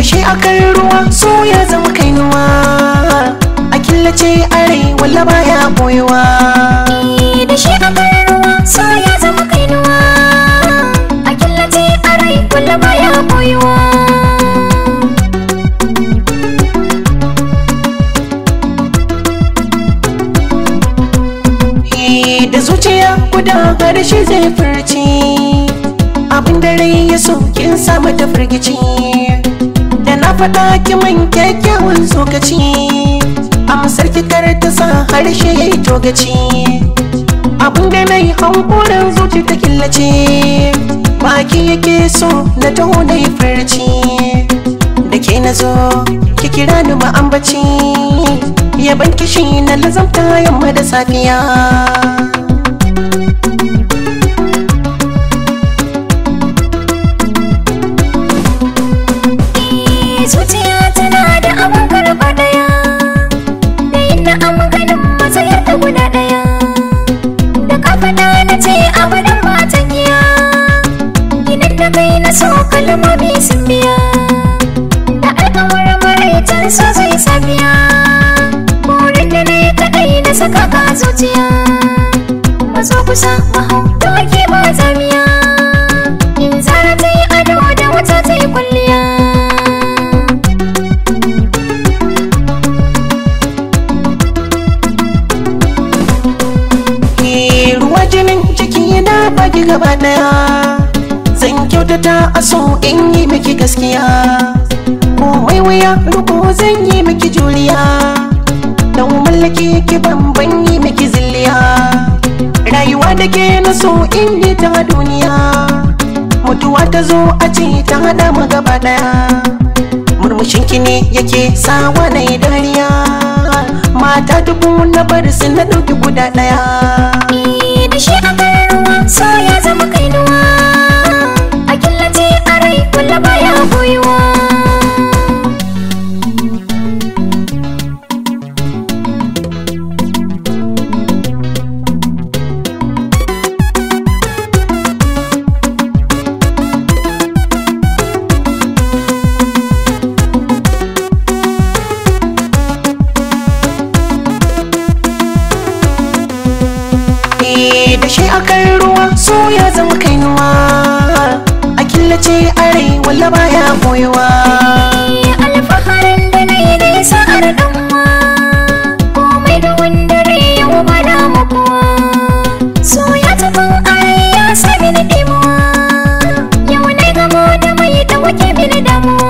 dashe akan ruwa so ya zama kainuwa a killace arai walla baya boyewa dashe akan ruwa so ya zama kainuwa a killace arai walla baya boyewa da zuciya guda harshe zai furci abin da rai ya so kin samu ta firgici faɗa ki min kyakkyawan tsokaci amsar ki ta sa harshe yayi yi togaci da na yi hankulan zuci ta killace baki yake so na taho na yi farci da ke na zo ki kira ni ba ya yaban kishi na lazamta yamma da safiya kalmomi sun biya da alkawar maraitar su zai safiya burin da na ta kai na saka ka zuciya maso kusa mahau da ba zamiya in zara ta yi ado da wata ta yi kwalliya ruwa jinin ciki na bagi gaba daya da a aso in yi miki gaskiya komai waya ruko zan yi miki juriya dan mallake ki banban yi miki zilliya rayuwa da ke na so in yi ta duniya mutuwa ta zo a ce ta hada mu gaba daya murmushin ki ne yake sawa na dariya mata dubu na bar su na dauki guda daya wanke da shi akan ruwa so ya zama kainuwa a killace arai walla baya koyewa alfaharin da na yi nesa a raɗanwa komai da wanda rai yau ba na makuwa so ya taɓin arai ya sami na ɗimuwa yau na gamo da mai da wake mini damuwa